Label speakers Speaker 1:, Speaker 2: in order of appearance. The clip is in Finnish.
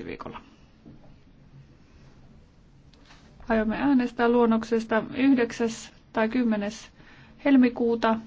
Speaker 1: ensi viikolla.
Speaker 2: Aiomme äänestää luonnoksesta 9. tai 10. helmikuuta